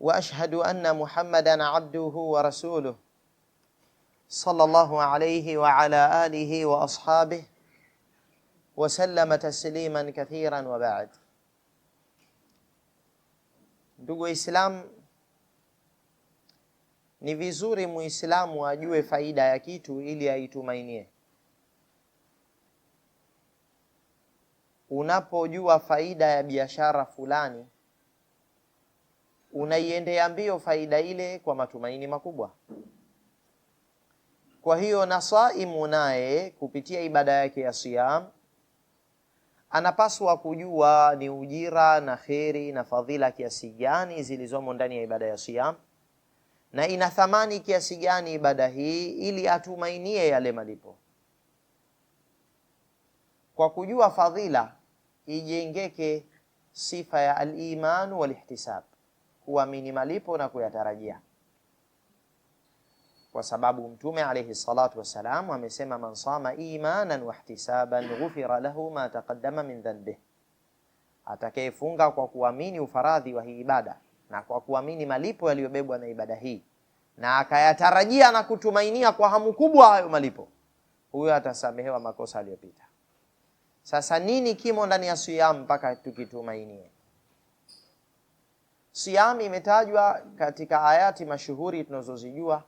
واشهد ان محمدا عبده ورسوله صلى الله عليه وعلى اله واصحابه وسلم تسليما كثيرا وبعد ndugu waislamu ni vizuri muislamu ajue faida ya kitu ili aitumainie unapojua faida ya biashara fulani unaiendea mbio faida ile kwa matumaini makubwa. Kwa hiyo na saimu naye kupitia ibada yake ya siyam anapaswa kujua ni ujira na kheri na fadhila kiasi gani zilizomo ndani ya ibada ya siyam na ina thamani kiasi gani ibada hii, ili atumainie yale malipo. Kwa kujua fadhila ijengeke sifa ya alimanu ihtisab kuamini malipo na kuyatarajia, kwa sababu Mtume alayhi salatu wasalam amesema, man sama imanan wahtisaban ghufira lahu ma taqaddama min dhanbihi, atakayefunga kwa kuamini ufaradhi wa hii ibada na kwa kuamini malipo yaliyobebwa na ibada hii na akayatarajia na kutumainia kwa hamu kubwa hayo malipo, huyo atasamehewa makosa aliyopita. Sasa nini kimo ndani ya siyam mpaka tukitumainie? Siami imetajwa katika ayati mashuhuri tunazozijua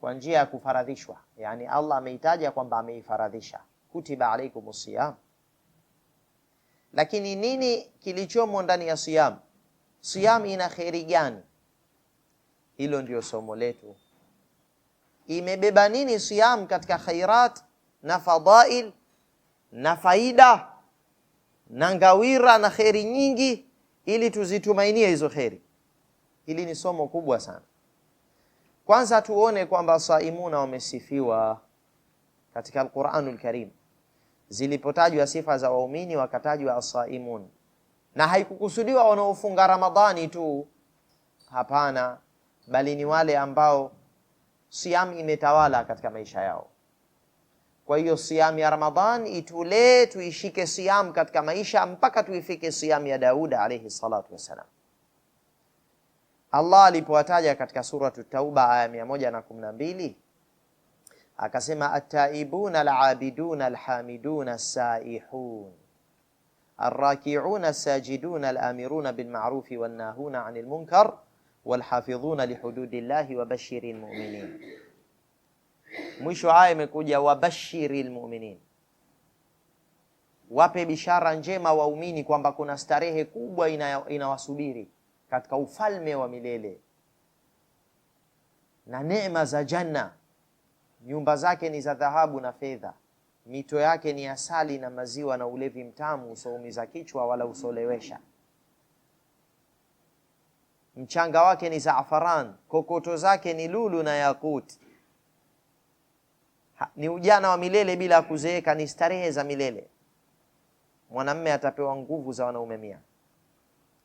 kwa njia ya kufaradhishwa, yani Allah ameitaja kwamba ameifaradhisha, kutiba alaikum siyam. Lakini nini kilichomo ndani ya siyam? Siyam ina kheri gani? Hilo ndio somo letu. Imebeba nini siyam katika khairat na fadail na faida na ngawira na kheri nyingi, ili tuzitumainie hizo kheri. Hili ni somo kubwa sana. Kwanza tuone kwamba saimuna wamesifiwa katika Alquranul Karim. Zilipotajwa sifa za waumini wakatajwa asaimun, na haikukusudiwa wanaofunga Ramadhani tu, hapana, bali ni wale ambao siam imetawala katika maisha yao. Kwa hiyo siamu ya Ramadhan itule tuishike siamu katika maisha mpaka tuifike siamu ya Dauda alayhi salatu wassalam. Allah alipowataja katika suratu Tauba aya mia moja na kumi na mbili akasema attaibuna alabiduna alhamiduna alsaihun alrakiuna alsajiduna alamiruna bilmarufi wannahuna anil munkar walhafidhuna lihududi llahi wabashiri lmuminin Mwisho aya imekuja wabashiri lmuminin, wape bishara njema waumini kwamba kuna starehe kubwa inawasubiri ina katika ufalme wa milele na neema za janna. Nyumba zake ni za dhahabu na fedha, mito yake ni asali na maziwa, na ulevi mtamu usoumiza kichwa wala usolewesha. Mchanga wake ni zaafaran, kokoto zake ni lulu na yakut ni ujana wa milele bila kuzeeka, ni starehe za milele. Mwanamme atapewa nguvu za wanaume mia,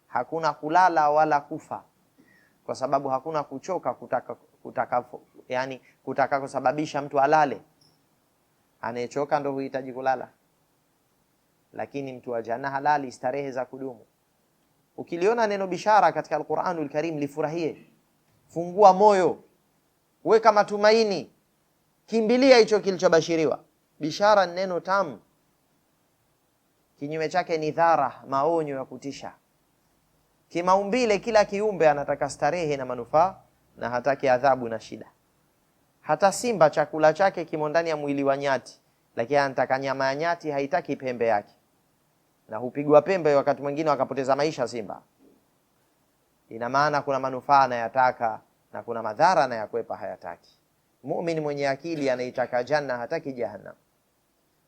hakuna kulala wala kufa, kwa sababu hakuna kuchoka kutaka, kutaka, yani kutaka kusababisha mtu alale. Anayechoka ndo huhitaji kulala, lakini mtu wa jana halali, starehe za kudumu. Ukiliona neno bishara katika Alquranul Karim lifurahie, fungua moyo, weka matumaini kimbilia hicho kilichobashiriwa. Bishara ni neno tamu, kinyume chake ni dhara, maonyo ya kutisha. Kimaumbile, kila kiumbe anataka starehe na manufaa na hataki adhabu na shida. Hata simba chakula chake kimo ndani ya mwili wa nyati, lakini anataka nyama ya nyati, haitaki pembe yake, na hupigwa pembe wakati mwingine wakapoteza maisha simba. Ina maana kuna manufaa anayataka na kuna madhara anayakwepa, hayataki. Mumini mwenye akili anaitaka janna, hataki jahannam,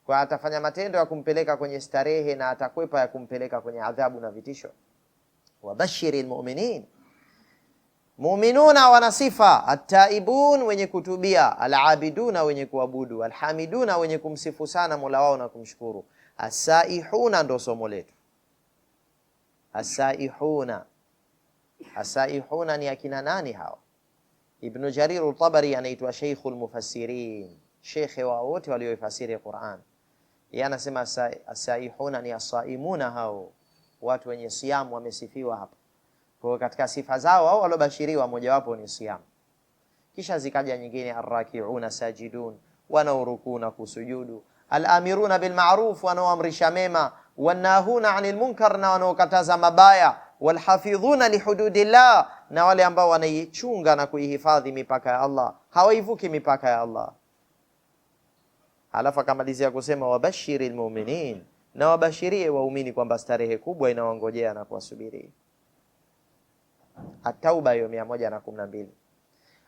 kwa atafanya matendo ya kumpeleka kwenye starehe na atakwepa ya kumpeleka kwenye adhabu na vitisho. Wabashiri lmuminin, muminuna wana sifa ataibun, wenye kutubia, alabiduna, wenye kuabudu, alhamiduna, wenye kumsifu sana mola wao na kumshukuru, asaihuna, ndo somo letu asaihuna. Asaihuna ni akina nani hawa? Ibn Jarir al-Tabari anaitwa Sheikhul Mufassirin, shekhe wa wote walioifasiri Qur'an. Yeye anasema asaihuna ni asaimuna, hao watu wenye siamu wamesifiwa hapa. Kwa katika sifa zao au walobashiriwa, mojawapo ni siamu. Kisha zikaja nyingine, arrakiuna sajidun, wanaoruku na kusujudu, alamiruna bil ma'ruf, wanaoamrisha mema, wanahuna anil munkar, na wanaokataza mabaya, walhafidhuna lihududillah na wale ambao wanaichunga na kuihifadhi mipaka ya Allah, hawaivuki mipaka ya Allah. Halafu akamalizia kusema wabashiri lmuminin, na wabashirie waumini kwamba starehe kubwa inawangojea na kuwasubiri. Atauba hiyo mia moja na kumi na mbili.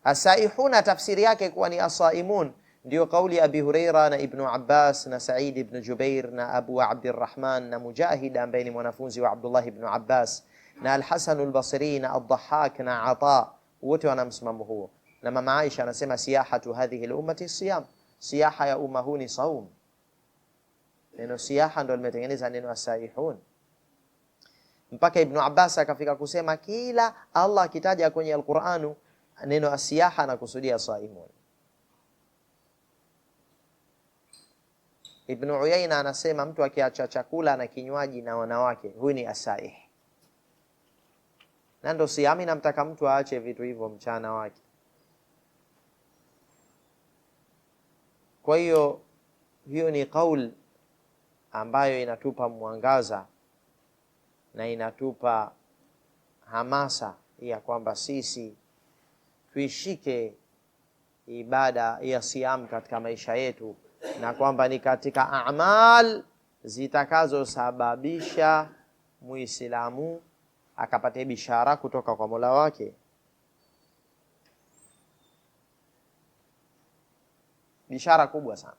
Asaihuna tafsiri yake kuwa ni asaimun, ndiyo kauli ya Abi Huraira na Ibnu Abbas na Said ibnu Jubair na Abu Abdirrahman na Mujahid ambaye ni mwanafunzi wa Abdullah ibnu Abbas na Alhasanu Lbasri na Aldahak na Ata, wote wana msimamo huo. Na mama Aisha anasema siyahatu hadhihi lummati siyam, siyaha ya umma huu ni saum. Neno siyaha ndo limetengeneza neno asaihun mpaka Ibnu Abbas akafika kusema kila Allah akitaja kwenye Alquranu neno asiyaha na saimun. Ibnu Uyaina anasema mtu akiacha chakula na kinywaji na wanawake, huyu ni asaih na ndo siami inamtaka mtu aache vitu hivyo mchana wake. Kwa hiyo hiyo ni kaul ambayo inatupa mwangaza na inatupa hamasa ya kwamba sisi tuishike ibada ya siam katika maisha yetu, na kwamba ni katika amal zitakazosababisha muislamu akapata bishara kutoka kwa Mola wake. Bishara kubwa sana.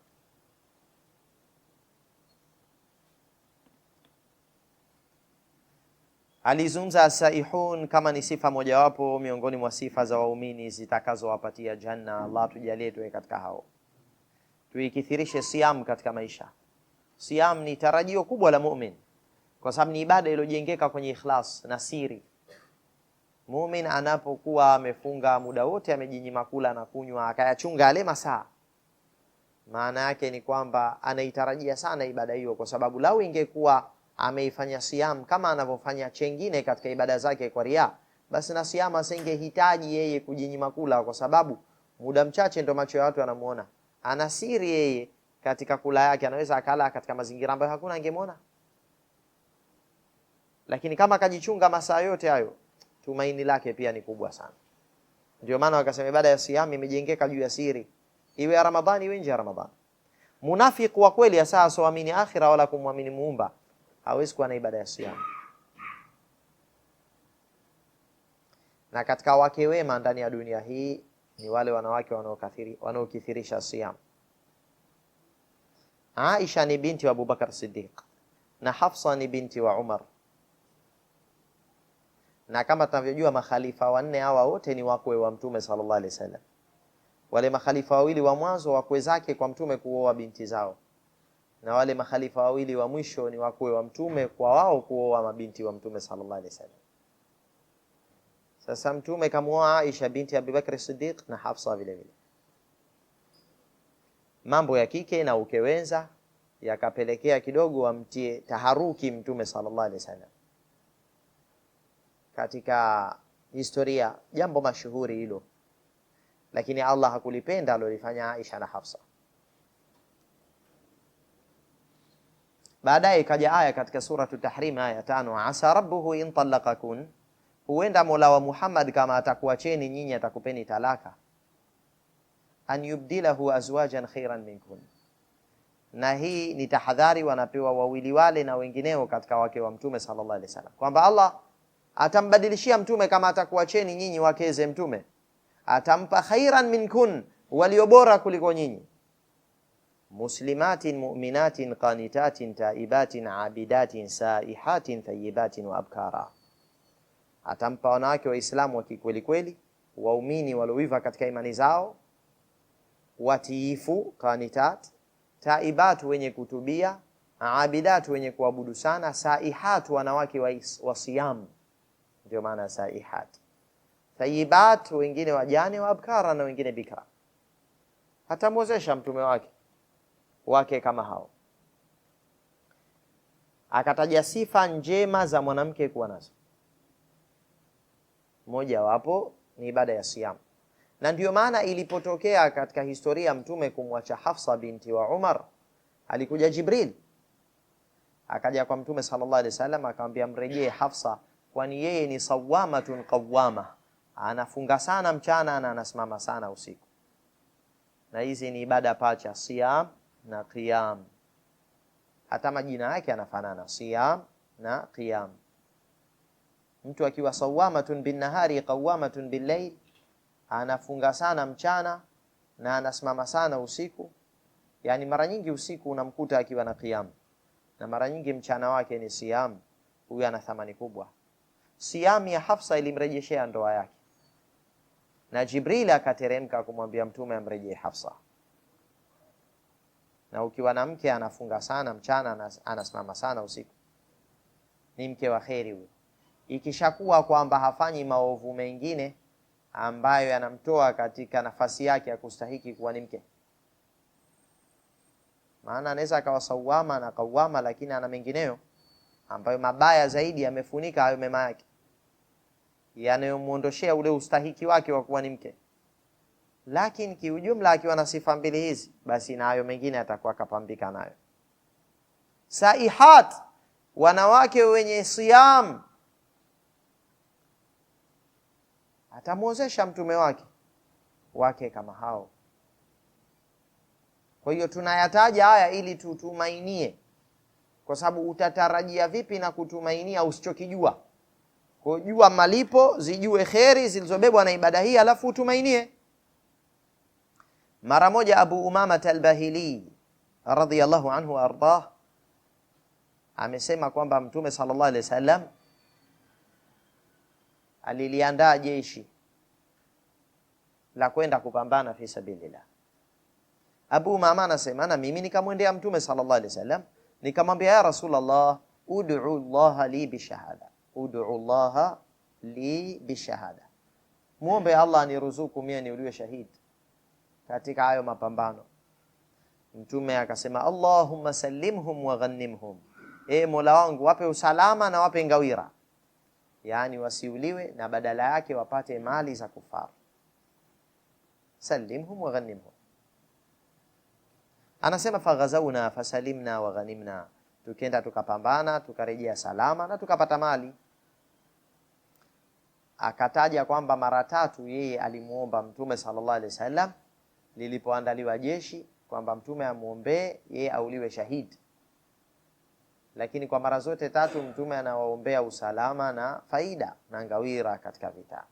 Alizungumza asaihun kama ni sifa mojawapo miongoni mwa sifa za waumini zitakazowapatia janna. Allah tujalie tuwe katika hao. Tuikithirishe siam katika maisha. Siam ni tarajio kubwa la muumini kwa sababu ni ibada iliyojengeka kwenye ikhlas na siri. Muumini anapokuwa amefunga muda wote, amejinyima kula na kunywa, akayachunga yale masaa, maana yake ni kwamba anaitarajia sana ibada hiyo, kwa sababu lau ingekuwa ameifanya siam kama anavyofanya chengine katika ibada zake kwa riaa, basi na siam asingehitaji yeye kujinyima kula, kwa sababu muda mchache ndo macho ya watu anamuona. Ana siri yeye katika kula yake, anaweza akala katika mazingira ambayo hakuna angemwona lakini kama akajichunga masaa yote hayo, tumaini lake pia ni kubwa sana. Ndio maana wakasema ibada ya siam imejengeka juu ya siri, iwe ya Ramadhani iwe nje ya Ramadhani. Munafiki wa kweli hasa asoamini akhira wala kumwamini muumba hawezi kuwa na ibada ya siam. Na katika wake wema ndani ya dunia hii ni wale wanawake wanaokathiri wanaokithirisha siam. Aisha ni binti wa Abubakar Siddiq na Hafsa ni binti wa Umar na kama tunavyojua makhalifa wanne hawa wote ni wakwe wa Mtume sallallahu alaihi wasallam. Wale makhalifa wawili wa mwanzo wakwe zake kwa Mtume kuoa binti zao, na wale makhalifa wawili wa mwisho ni wakwe wa Mtume kwa wao kuoa mabinti wa Mtume sallallahu alaihi wasallam. Sasa Mtume kamuoa Aisha binti Abu Bakr Siddiq na Hafsa vile vile. Mambo ya kike na ukewenza yakapelekea kidogo amtie taharuki Mtume sallallahu alaihi wasallam katika historia, jambo mashuhuri hilo, lakini Allah hakulipenda alolifanya Aisha na Hafsa. Baadaye ikaja aya katika suratu Tahrim aya tano, asa rabbuhu in talaqakun, huenda mola wa Muhammad kama atakuacheni nyinyi atakupeni talaka, an yubdilahu azwajan khairan minkun. Na hii ni tahadhari wanapewa wawili wale na wengineo katika wake wa Mtume sallallahu alaihi wasallam kwamba Allah Atambadilishia mtume kama atakuacheni nyinyi wakeze mtume, atampa khairan minkun, waliobora kuliko nyinyi. Muslimatin mu'minatin qanitatin taibatin abidatin saihatin thayibatin wa abkara, atampa wanawake Waislamu wa kweli, waumini walioiva katika imani zao, watiifu qanitat, taibat wenye kutubia, abidat wenye kuabudu sana, saihat wanawake wa siamu ndio maana saihat thayibat, wengine wajane wa abkara na wengine bikra. Atamwozesha mtume wake wake kama hao, akataja sifa njema za mwanamke kuwa nazo, moja wapo ni ibada ya siamu, na ndio maana ilipotokea katika historia ya mtume kumwacha Hafsa binti wa Umar, alikuja Jibril akaja kwa mtume sallallahu alaihi wasallam akamwambia, mrejee Hafsa kwani yeye ni sawamatun qawama, anafunga sana mchana na anasimama sana usiku. Na hizi ni ibada pacha, siyam na qiyam. Hata majina yake anafanana, siyam na qiyam. Mtu akiwa sawamatun bin nahari qawamatun bil layl, anafunga sana mchana na anasimama sana usiku. Yani mara nyingi usiku unamkuta akiwa na qiyam, na mara nyingi mchana wake ni siyam. Huyu ana thamani kubwa siami ya Hafsa ilimrejeshea ndoa yake, na Jibril akateremka kumwambia Mtume amrejee Hafsa. Na ukiwa na mke anafunga sana mchana, anasimama sana usiku, ni mke wa kheri huyo. Ikishakuwa kwamba hafanyi maovu mengine ambayo yanamtoa katika nafasi yake ya kustahiki kuwa ni mke, maana anaweza akawa sawama na kawama, lakini ana mengineyo ambayo mabaya zaidi yamefunika hayo mema yake yanayomwondoshea ule ustahiki wake wa kuwa ni mke. Lakini kiujumla akiwa na sifa mbili hizi, basi na hayo mengine atakuwa kapambika nayo. Saihat, wanawake wenye siyam, atamwozesha mtume wake wake kama hao. Kwa hiyo tunayataja haya ili tutumainie, kwa sababu utatarajia vipi na kutumainia usichokijua kwa jua malipo, zijue kheri zilizobebwa na ibada hii, alafu utumainie. Mara moja Abu Umama al-Bahili radhiyallahu anhu ardah amesema kwamba Mtume sallallahu alaihi wasallam aliliandaa jeshi la kwenda kupambana fi sabilillah. Abu Umama anasema na mimi nikamwendea Mtume sallallahu alaihi wasallam nikamwambia, ya Rasulullah, ud'u Allah li bishahada ud'u llaha li bishahada, muombe hmm. Allah aniruzuku mie niuliwe shahid katika hayo mapambano. Mtume akasema Allahumma sallimhum wa ghanimhum, e ee Mola wangu wape usalama na wape ngawira, yani wasiuliwe na badala yake wapate mali za kufar Sallimhum wa ghanimhum. Anasema faghazauna fasalimna wa ghanimna, tukenda tukapambana tukarejea salama na tukapata mali akataja kwamba mara tatu yeye alimuomba Mtume sallallahu alaihi wasallam lilipoandaliwa jeshi kwamba Mtume amwombee yeye auliwe shahid lakini kwa mara zote tatu Mtume anawaombea usalama na faida na ngawira katika vita.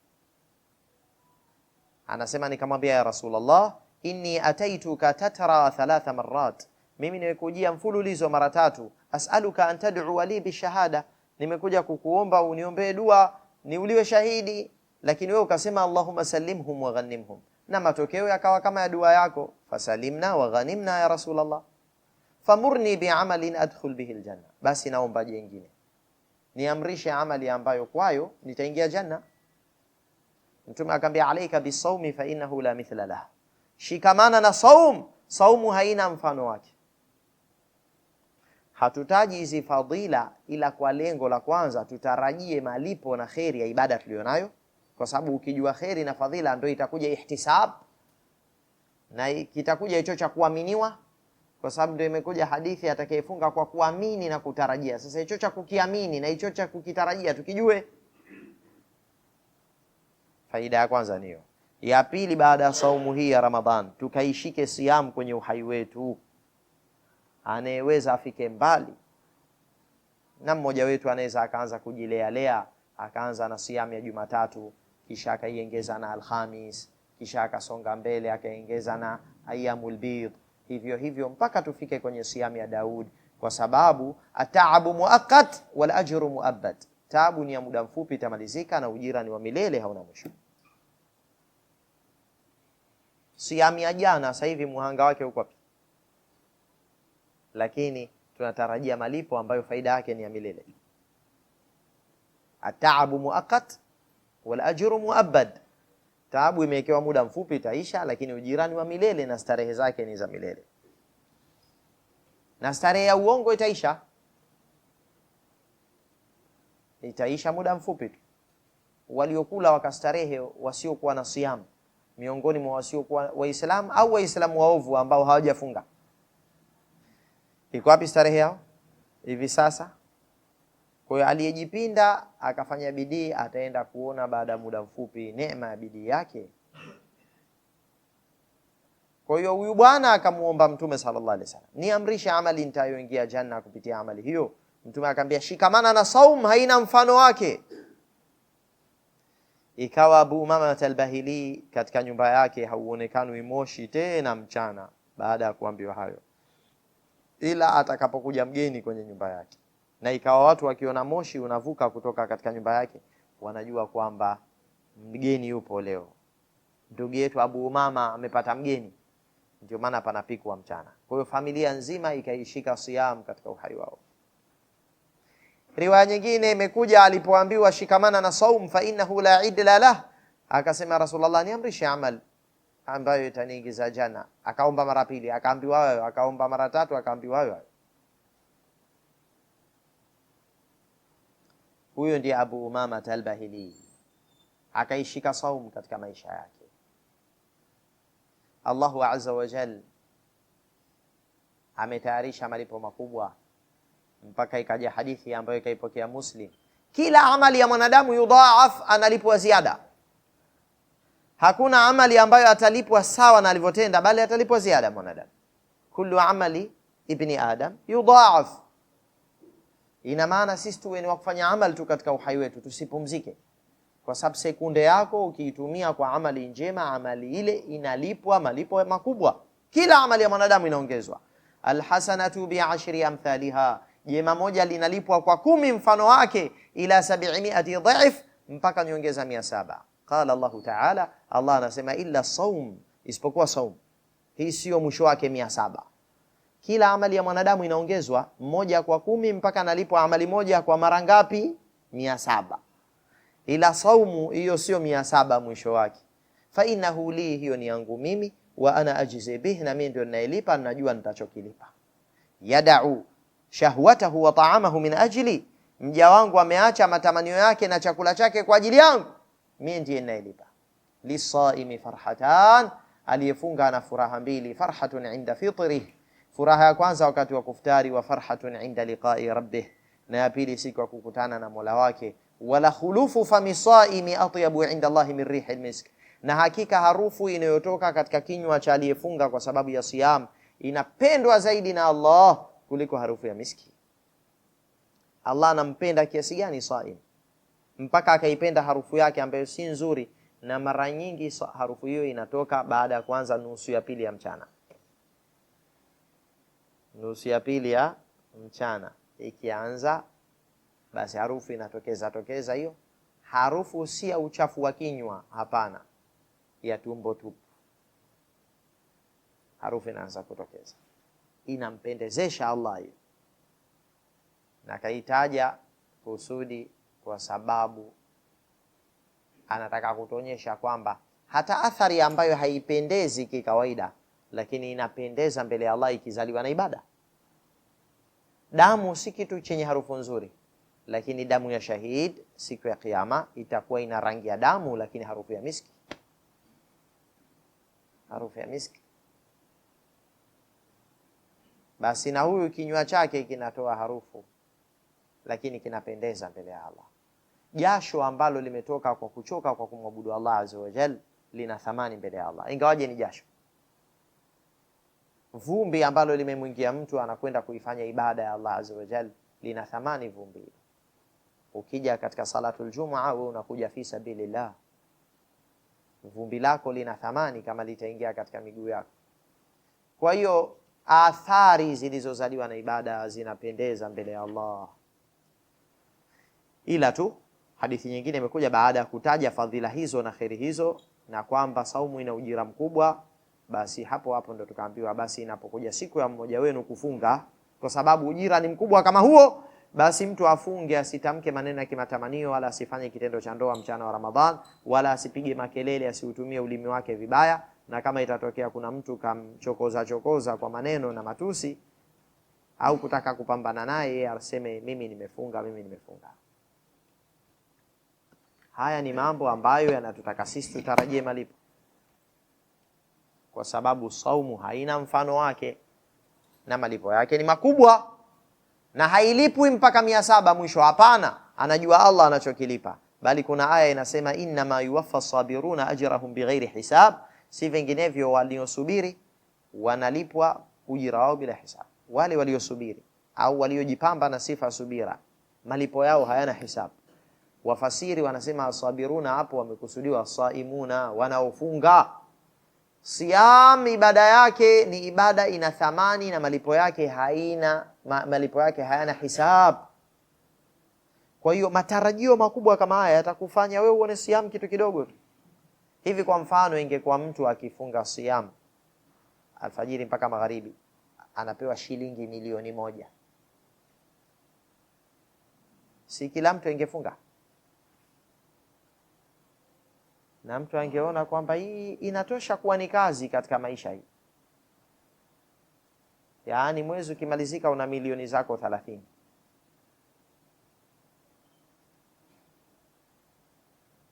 Anasema, nikamwambia ya Rasulullah, inni ataituka tatara thalatha marat, mimi nimekujia mfululizo mara tatu, asaluka an tad'u li bishahada, nimekuja kukuomba uniombee dua ni uliwe shahidi, lakini wewe ukasema Allahumma salimhum wa ghanimhum, na matokeo yakawa kama ya dua yako, fasalimna wa ghanimna ya Rasulullah, famurni biamalin adkhul bihi aljanna, basi naomba jengine, niamrishe amali ambayo kwayo nitaingia janna. Mtume akamwambia alayka bisawmi fa innahu la mithla lah, shikamana na saum, saumu haina mfano wake. Hatutaji hizi fadhila ila kwa lengo la kwanza tutarajie malipo na kheri ya ibada tuliyonayo, kwa sababu ukijua kheri na fadhila ndio itakuja ihtisab na kitakuja hicho cha kuaminiwa, kwa sababu ndio imekuja hadithi atakayefunga kwa kuamini na kutarajia. Sasa hicho cha kukiamini na hicho cha kukitarajia tukijue. Faida ya kwanza niyo. Ya pili, baada ya saumu hii ya Ramadhan, tukaishike siamu kwenye uhai wetu anayeweza afike mbali, na mmoja wetu anaweza akaanza kujilealea, akaanza na siamu ya Jumatatu, kisha akaiongeza na Alhamis, kisha akasonga mbele akaiongeza na ayyamul bidh, hivyo hivyo mpaka tufike kwenye siamu ya Daud, kwa sababu ataabu muaqqat wal ajru muabbad, taabu ni ya muda mfupi itamalizika, na ujira ni wa milele, hauna mwisho. Siamu ya jana sasa hivi muhanga wake uko wapi? lakini tunatarajia malipo ambayo faida yake ni ya milele. Ataabu muakat wal ajru muabbad, taabu imewekewa muda mfupi itaisha, lakini ujirani wa milele na starehe zake ni za milele, na starehe ya uongo itaisha, itaisha muda mfupi tu. Waliokula wakastarehe wasiokuwa na siamu miongoni mwa wasiokuwa Waislamu au Waislamu waovu ambao hawajafunga Iko wapi starehe yao hivi sasa? Kwa hiyo aliyejipinda akafanya bidii ataenda kuona baada ya muda mfupi neema ya bidii yake. Kwa hiyo huyu bwana akamuomba Mtume sallallahu alaihi wasallam, niamrishe amali nitayoingia janna kupitia amali hiyo. Mtume akamwambia shikamana na saum, haina mfano wake. Ikawa Abu Umama al katika nyumba yake hauonekani moshi tena mchana baada ya kuambiwa hayo ila atakapokuja mgeni kwenye nyumba yake, na ikawa watu wakiona moshi unavuka kutoka katika nyumba yake wanajua kwamba mgeni yupo leo. Ndugu yetu Abu Umama amepata mgeni, ndio maana panapikwa mchana. Kwa hiyo familia nzima ikaishika siam katika uhai wao. Riwaya nyingine imekuja alipoambiwa shikamana na saum fa innahu la idla lah, akasema Rasulullah, niamrishe amal ambayo itaniingiza jana. Akaomba mara pili, akaambiwa hayo, akaomba mara tatu, akaambiwa hayo. Huyo ndiye Abu Umama al akaishika saum katika maisha yake. Allahu aza wajal ametayarisha malipo makubwa, mpaka ikaja hadithi ambayo ikaipokea Muslim, kila amali ya mwanadamu yudaaf analipwa ziada Hakuna amali ambayo atalipwa sawa na alivyotenda, bali atalipwa ziada mwanadamu. Kullu amali ibni adam yudhaaf. Ina maana sisi tuwe ni wakufanya amali tu katika uhai wetu, tusipumzike, kwa sababu sekunde yako ukiitumia kwa amali njema, amali ile inalipwa malipo makubwa. Kila amali ya mwanadamu inaongezwa, alhasanatu biashri amthaliha, jema moja linalipwa kwa kumi mfano wake, ila sabiini dhaif, mpaka nyongeza mia saba. Qala Allahu taala, Allah anasema illa saum, isipokuwa saum. Hii siyo mwisho wake mia saba. Kila amali ya mwanadamu inaongezwa moja kwa kumi mpaka analipwa amali moja kwa mara ngapi? mia saba. Ila saumu hiyo sio mia saba mwisho wake. Fa innahu li, hiyo ni yangu mimi, wa ana ajzi bih, na mimi ndio ninayelipa, najua nitachokilipa. Yadau shahwatahu wa taamahu min ajli, mja wangu ameacha matamanio yake na chakula chake kwa ajili yangu mie ndiye ninayelipa. Lisaimi farhatan, aliyefunga ana furaha mbili. Farhatun inda fitrih, furaha ya kwanza wakati wa kuftari. Wa farhatun inda liqai rabbih, na ya pili siku ya kukutana na mola wake. Wala khulufu famisaimi atyabu inda Allahi min rihi lmisk, na hakika harufu inayotoka katika kinywa cha aliyefunga kwa sababu ya siyam inapendwa zaidi na Allah kuliko harufu ya miski. Allah anampenda kiasi gani saim? mpaka akaipenda harufu yake ambayo si nzuri, na mara nyingi harufu hiyo inatoka baada ya kuanza nusu ya pili ya mchana, nusu ya pili ya mchana ikianza, basi harufu inatokeza tokeza hiyo harufu si ya uchafu wa kinywa, hapana, ya tumbo tupu. Harufu inaanza kutokeza, inampendezesha Allah hiyo, na kaitaja kusudi kwa sababu anataka kutuonyesha kwamba hata athari ambayo haipendezi kikawaida, lakini inapendeza mbele ya Allah ikizaliwa na ibada. Damu si kitu chenye harufu nzuri, lakini damu ya shahid siku ya Kiyama itakuwa ina rangi ya damu, lakini harufu ya miski, harufu ya miski. Basi na huyu kinywa chake kinatoa harufu, lakini kinapendeza mbele ya Allah jasho ambalo limetoka kwa kuchoka kwa kumwabudu Allah azza wa jal lina thamani mbele ya Allah, ingawaje ni jasho. Vumbi ambalo limemwingia mtu anakwenda kuifanya ibada ya Allah azza wa jal lina thamani vumbi. Ukija katika salatul Jumua, wewe unakuja fi sabilillah, vumbi lako lina thamani kama litaingia katika miguu yako. Kwa hiyo athari zilizozaliwa na ibada zinapendeza mbele ya Allah, ila tu Hadithi nyingine imekuja baada ya kutaja fadhila hizo na kheri hizo na kwamba saumu ina ujira mkubwa, basi hapo hapo ndo tukaambiwa basi inapokuja siku ya mmoja wenu kufunga, kwa sababu ujira ni mkubwa kama huo, basi mtu afunge, asitamke maneno ya kimatamanio, wala asifanye kitendo cha ndoa mchana wa Ramadhan, wala asipige makelele, asiutumie ulimi wake vibaya, na kama itatokea kuna mtu kamchokoza chokoza kwa maneno na matusi au kutaka kupambana naye, aseme mimi nimefunga, mimi nimefunga. Haya ni mambo ambayo yanatutaka sisi tutarajie malipo, kwa sababu saumu haina mfano wake na malipo yake ni makubwa, na hailipwi mpaka mia saba mwisho. Hapana, anajua Allah anachokilipa, bali kuna aya inasema innama yuwaffa sabiruna ajrahum bighairi hisab, si vinginevyo waliosubiri wanalipwa ujira wao bila hisab Wale waliosubiri au waliojipamba na sifa subira, malipo yao hayana hisabu. Wafasiri wanasema asabiruna hapo wamekusudiwa saimuna wanaofunga. Siam ibada yake ni ibada ina thamani na malipo yake haina ma, malipo yake hayana hisab. Kwa hiyo matarajio makubwa kama haya yatakufanya wewe uone siam kitu kidogo tu hivi. Kwa mfano, ingekuwa mtu akifunga siam alfajiri mpaka magharibi anapewa shilingi milioni moja, si kila mtu ingefunga na mtu angeona kwamba hii inatosha kuwa ni kazi katika maisha hii, yaani mwezi ukimalizika una milioni zako thalathini.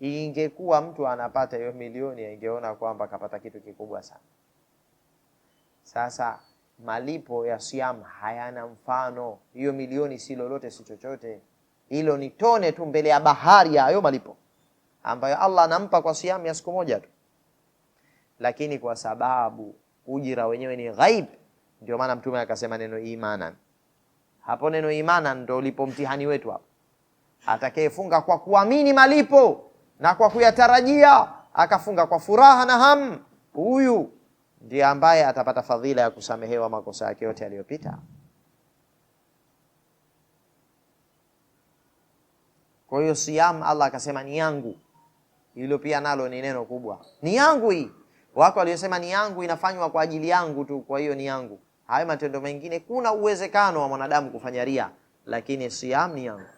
Ingekuwa mtu anapata hiyo milioni, angeona kwamba kapata kitu kikubwa sana. Sasa malipo ya siam hayana mfano. Hiyo milioni si lolote, si chochote, hilo ni tone tu mbele ya bahari ya hayo malipo ambayo Allah anampa kwa siamu ya siku moja tu, lakini kwa sababu ujira wenyewe ni ghaib, ndio maana Mtume akasema neno imana. Hapo neno imana ndio ulipo mtihani wetu hapo. Atakayefunga kwa kuamini malipo na kwa kuyatarajia, akafunga kwa furaha na hamu, huyu ndiye ambaye atapata fadhila ya kusamehewa makosa yake yote yaliyopita. Kwa hiyo siamu, Allah akasema ni yangu hilo pia nalo ni neno kubwa. Ni yangu hii. Wako waliosema ni yangu, inafanywa kwa ajili yangu tu, kwa hiyo ni yangu. Hayo matendo mengine kuna uwezekano wa mwanadamu kufanya ria, lakini siyam ni yangu.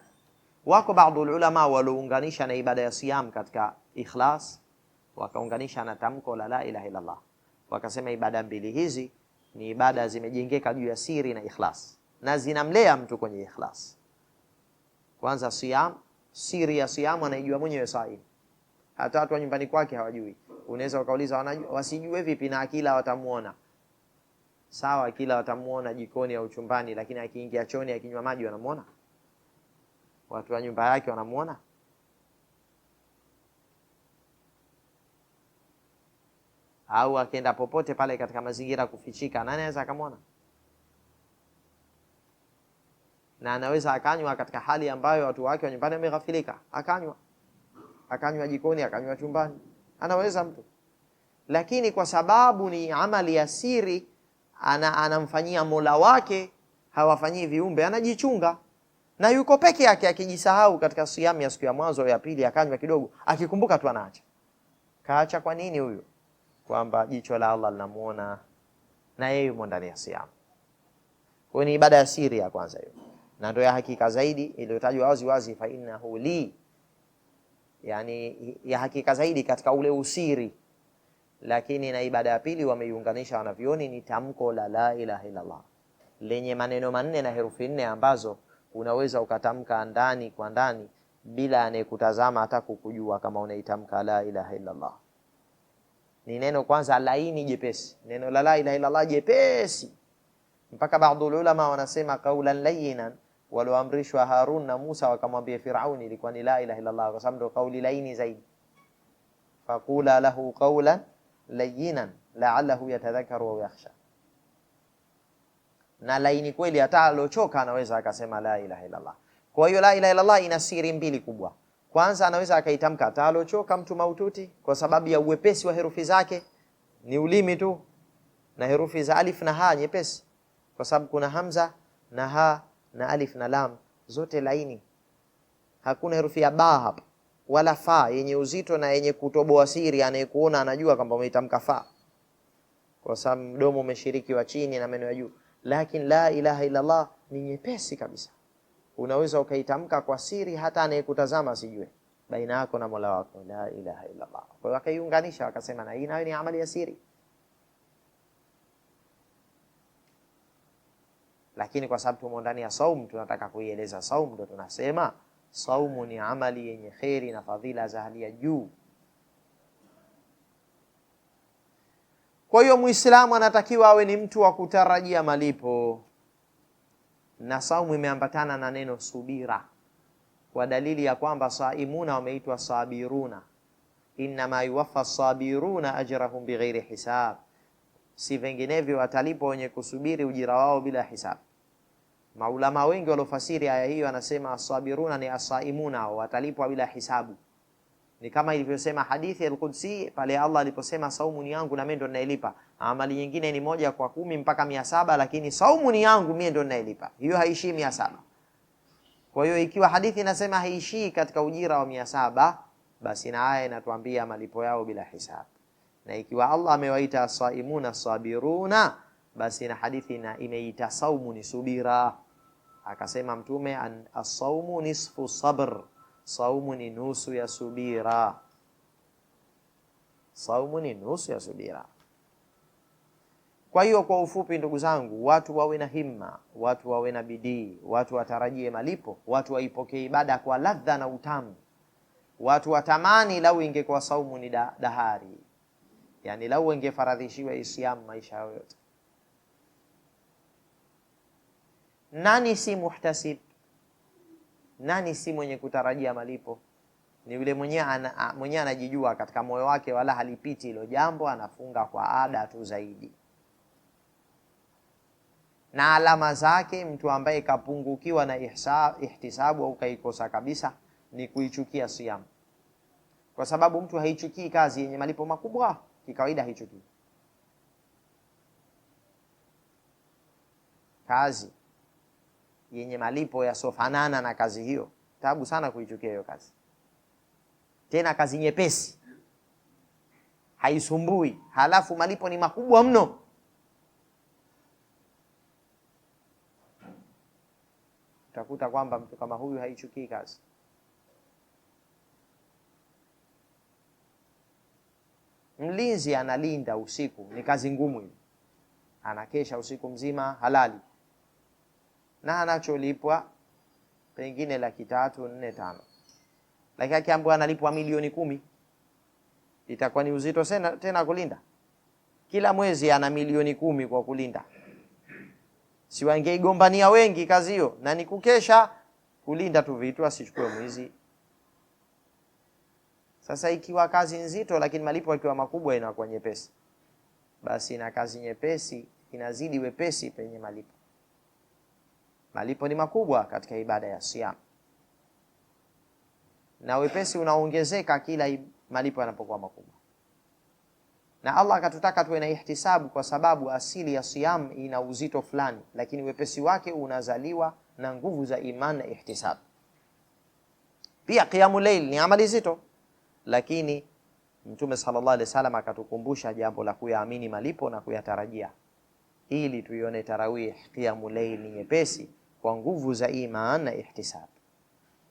Wako baadhi ulama waliounganisha na ibada ya siyam katika ikhlas, wakaunganisha na tamko la la ilaha Allah, wakasema ibada mbili hizi ni ibada zimejengeka juu ya siri na ikhlas, na zinamlea mtu kwenye ikhlas. Kwanza siyam, siri ya siyam anaijua mwenyewe sahibi hata watu wa nyumbani kwake hawajui. Unaweza ukauliza wasijue vipi? Na akila watamuona sawa, akila watamuona jikoni au chumbani, lakini akiingia choni akinywa maji wanamuona? Watu wa nyumba yake wanamuona? au akienda popote pale katika mazingira kufichika, nani anaweza akamwona? Na anaweza akanywa katika hali ambayo watu wake wa nyumbani wameghafilika, akanywa akanywa jikoni, akanywa chumbani, anaweza mtu, lakini kwa sababu ni amali ya siri ana, anamfanyia Mola wake, hawafanyii viumbe, anajichunga na yuko peke yake. Akijisahau katika siamu ya siku ya mwanzo ya pili, akanywa kidogo, akikumbuka tu anaacha. Kaacha kwa nini huyo? Kwamba jicho la Allah linamuona na yeye yumo ndani ya siamu. Kwa ni ibada ya siri ya kwanza hiyo, na ndio ya hakika zaidi iliyotajwa wazi wazi, fa innahu li yani ya hakika zaidi katika ule usiri, lakini na ibada ya pili wameiunganisha wanavyoni, ni tamko la la ilaha illallah lenye maneno manne na herufi nne ambazo unaweza ukatamka ndani kwa ndani bila anayekutazama hata kukujua kama unaitamka la ilaha illallah. Ni neno kwanza laini jepesi, neno la la ilaha illallah jepesi, mpaka baadhi ulama wanasema kaulan layinan walioamrishwa Harun na Musa wakamwambia Firauni ilikuwa ni la ilaha illa kwa sababu ndo kauli laini zaidi. Faqula lahu qawlan layinan la'allahu yatadhakkaru au yakhsha, na laini kweli, hata alochoka anaweza akasema la ilaha illa Kwa hiyo la ilaha illa ina siri mbili kubwa. Kwanza anaweza akaitamka hata alochoka mtu maututi, kwa sababu ya uwepesi wa herufi zake, ni ulimi tu, na herufi za alif na ha nyepesi, kwa sababu kuna hamza na ha na alif na lam zote laini, hakuna herufi ya ba hapa wala fa yenye uzito na yenye kutoboa siri. Anayekuona anajua kwamba umeitamka fa kwa sababu mdomo umeshiriki wa chini na meno ya juu. Lakini la ilaha Allah ni nyepesi kabisa, unaweza ukaitamka kwa siri, hata anayekutazama sijue baina yako na mola wako, la ilaha Allah. Kwa hiyo akaiunganisha akasema, na hii nayo ni amali ya siri. lakini kwa sababu tumo ndani ya saum, tunataka kuieleza saum, ndo tunasema saumu ni amali yenye kheri na fadhila za hali ya juu. Kwa hiyo Muislamu anatakiwa awe ni mtu wa kutarajia malipo, na saumu imeambatana na neno subira, kwa dalili ya kwamba saimuna wameitwa sabiruna, innama yuwaffa sabiruna ajrahum bighairi hisab si vinginevyo watalipwa wenye kusubiri ujira wao bila hisabu. Maulama wengi waliofasiri aya hiyo anasema asabiruna ni asaimuna, watalipwa bila hisabu. Ni kama ilivyosema hadithi al-Qudsi pale Allah aliposema saumu ni yangu na mimi ndo ninailipa. Amali nyingine ni moja kwa kumi mpaka mia saba lakini saumu ni yangu mimi ndo ninailipa. Hiyo haishii mia saba. Kwa hiyo ikiwa hadithi inasema haishii katika ujira wa mia saba basi na aya inatuambia malipo yao bila hisabu na ikiwa Allah amewaita saimuna sabiruna, basi na hadithi na imeita saumu ni subira. Akasema Mtume, asaumu nisfu sabr, saumu ni nusu ya subira. Saumu ni nusu ya subira. Kwa hiyo kwa ufupi, ndugu zangu, watu wawe na himma, watu wawe na bidii, watu watarajie malipo, watu waipokee ibada kwa ladha na utamu, watu watamani lau ingekuwa saumu ni dahari yani lau ingefaradhishiwa Islamu maisha yao yote. Nani si muhtasib? Nani si mwenye kutarajia malipo? Ni yule mwenyewe ana, mwenye anajijua katika moyo wake, wala halipiti hilo jambo, anafunga kwa ada tu zaidi. Na alama zake, mtu ambaye kapungukiwa na ihtisabu au kaikosa kabisa, ni kuichukia siamu, kwa sababu mtu haichukii kazi yenye malipo makubwa kikawaida hicho kitu. Kazi yenye malipo yasiofanana na kazi hiyo, tabu sana kuichukia hiyo kazi, tena kazi nyepesi, haisumbui, halafu malipo ni makubwa mno. Utakuta kwamba mtu kama huyu haichukii kazi. Mlinzi analinda usiku, ni kazi ngumu hiyo, anakesha usiku mzima halali, na anacholipwa pengine laki tatu nne tano, lakini akiambiwa analipwa milioni kumi itakuwa ni uzito sena, tena kulinda kila mwezi ana milioni kumi kwa kulinda, si wangeigombania wengi kazi hiyo? Na ni kukesha kulinda tu vitu asichukue mwizi. Sasa ikiwa kazi nzito, lakini malipo yakiwa makubwa inakuwa nyepesi, basi na kazi nyepesi inazidi wepesi penye malipo. Malipo ni makubwa katika ibada ya siam, na wepesi unaongezeka kila malipo yanapokuwa makubwa. Na Allah akatutaka tuwe na ihtisabu, kwa sababu asili ya siam ina uzito fulani, lakini wepesi wake unazaliwa na nguvu za iman na ihtisabu. Pia qiyamul layl ni amali zito lakini Mtume sallallahu alaihi wasallam akatukumbusha jambo la kuyaamini malipo na kuyatarajia, ili tuione tarawih qiyamu layl nyepesi kwa nguvu za iman na ihtisab.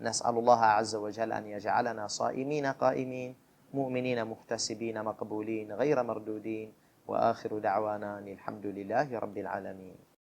Nasalullaha azza wa jalla an yaj'alana saimina qaimin mu'minina muhtasibina maqbulin ghayra mardudin wa akhiru da'wana alhamdulillahi rabbil alamin.